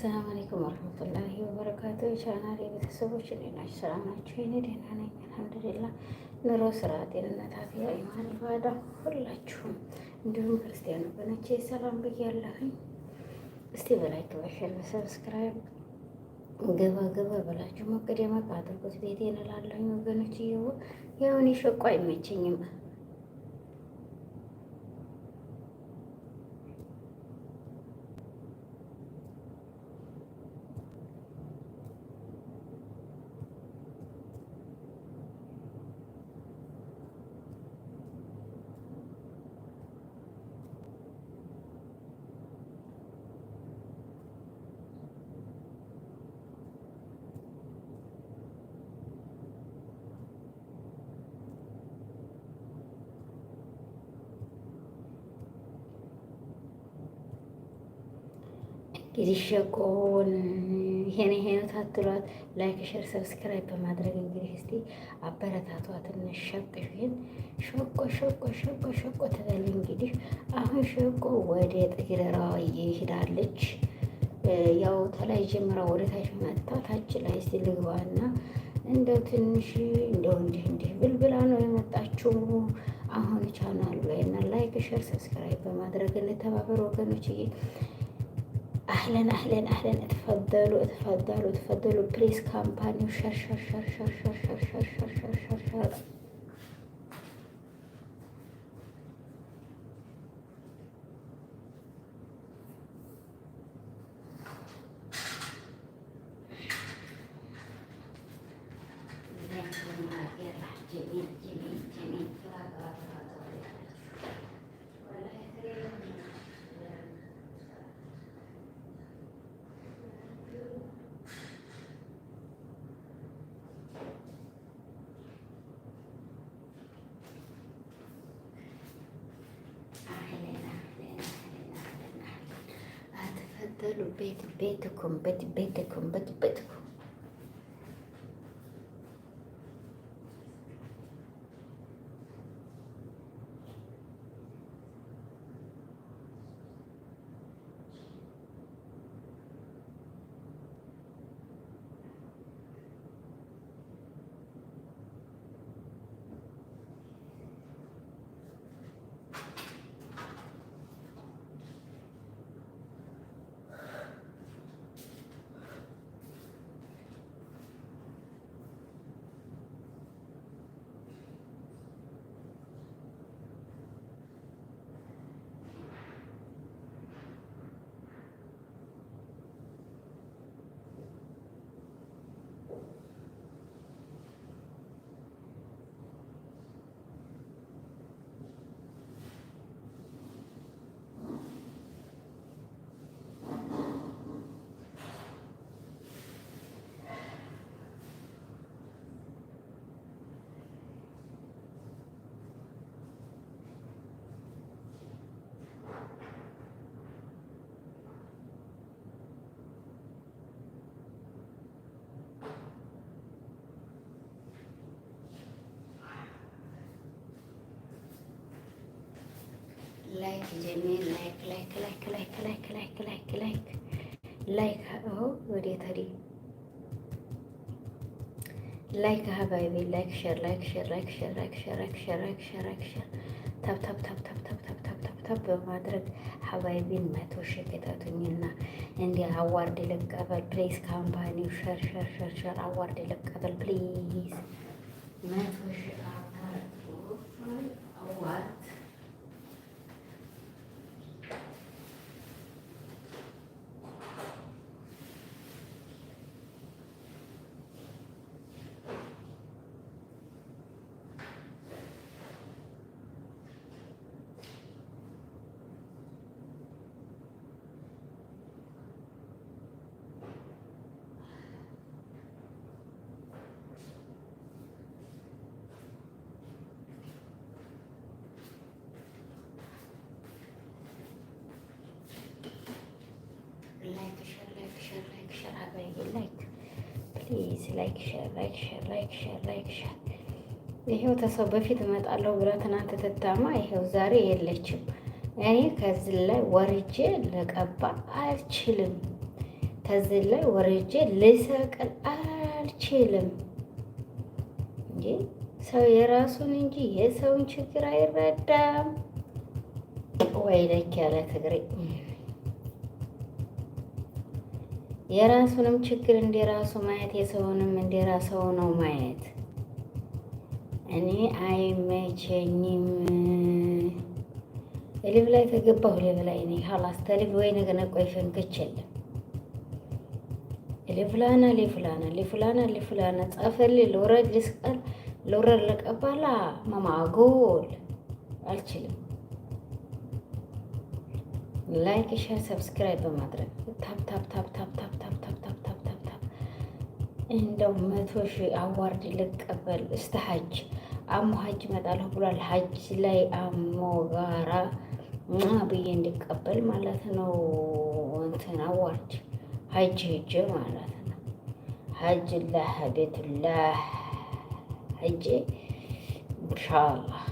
አሰላም አለይኩም ወረህመቱላሂ ወበረካቱ። የቻናሌ ቤተሰቦች እንዴት ናችሁ? ሰላም ናችሁ? የእኔ ደህና ነኝ አልሐምዱሊላህ። ኑሮ፣ ስራ፣ ጤንነት፣ አፍያ፣ ኢማን፣ ኢባዳ ሁላችሁም እንዲሁም ክርስቲያኑ በነቼ ሰላም ብዬ እስቲ በላይክ በሸር በሰብስክራይብ ገባ ገባ በላችሁ ሞቅድ የመቃ አድርጎት ቤቴ እንላለሁኝ ወገኖች እየው ያውን የሸቋ አይመቸኝም የሸቆውን ይሄን ይሄን ታትሏት ላይክ ሸር ሰብስክራይብ በማድረግ እንግዲህ እስቲ አበረታቷት። ሸቅ ሽን ሸቆ ሸቆ ሸቆ ሸቆ ትበል እንግዲህ አሁን ሸቆ ወደ ጥግረራ ይሄዳለች። ያው ተላይ ጀምራ ወደ ታች መጣ። ታች ላይ እስቲ እንደው ትንሽ እንደው እንዲህ እንዲህ ብልብላ ነው የመጣችው። አሁን ቻናሉ ላይ እና ላይክ ሸር ሰብስክራይብ በማድረግ እንተባበር ወገኖች። اهلا اهلا اهلا اتفضلوا اتفضلوا اتفضلوا بريس كامباني وشر شر شر شر شر شر شر شر شر شر شر በሉ ቤት ቤትኩም ቤት ቤትኩም ቤት ቤትኩም ላይክ ጀሚል ላይክ ላይክ ላይክ ላይክ ላይክ ላይክ ላይክ ላይክ ላይክ አዎ ወደ ታዲ ላይክ ሀባይቢ ላይክ ሼር ላይክ ሼር ላይክ ሼር ላይክ ሼር ላይክ ሼር ላይክ ሼር ላይክ ሼር ታብ ታብ ታብ ታብ ታብ ታብ ታብ ታብ ታብ በማድረግ ሀባይቢን ah, መቶ ሺህ ክተቱኝና እንዲህ አዋርድ ልቀበል ፕሌስ ካምፓኒው ሼር ሼር ሼር ሼር አዋርድ ልቀበል ፕሌስ መቶ ሺህ ሸር ሀገሬ ላይክ ፕሊዝ ላይክ ሸር ላይክ ሸር ላይክ ሸር ላይክ ሸር። ይሄው ተሰው በፊት እመጣለሁ ብላ ትናንት ትታማ ይሄው ዛሬ የለችም። እኔ ከዚህ ላይ ወርጄ ልቀባ አልችልም። ከዚህ ላይ ወርጄ ልሰቅል አልችልም እንጂ ሰው የራሱን እንጂ የሰውን ችግር አይረዳም ወይ ለክ ያለ ትግሬ የራሱንም ችግር እንደራሱ ማየት የሰውንም እንደራሰው ነው ማየት። እኔ አይመቸኝም። ሊብ ላይ ተገባሁ ሊብ ላይ እኔ ሀላስ ተልብ ወይ ነገነ ቆይ ፈንክች የለም ሊፍላና ሊፍላና ሊፍላና ሊፍላና ጸፈል ልውረድ ልስቀል ልውረድ ልቀባላ መማጎል አልችልም ላይክ፣ ሼር፣ ሰብስክራይብ በማድረግ ታፕ ታፕ ታፕ ታፕ ታፕ ታፕ ታፕ ታፕ ታፕ ታፕ ታፕ እንደው መቶ ሺህ አዋርድ ልቀበል እስተ ሀጅ አሞ ሀጅ እመጣለሁ ብሏል። ሀጅ ላይ አሞ ጋራ ብዬ እንዲቀበል ማለት ነው። እንትን አዋርድ ሀጅ ሂጅ ማለት ነው። ሀጅ ላህ ቤቱላህ ሀጅ ኢንሻላህ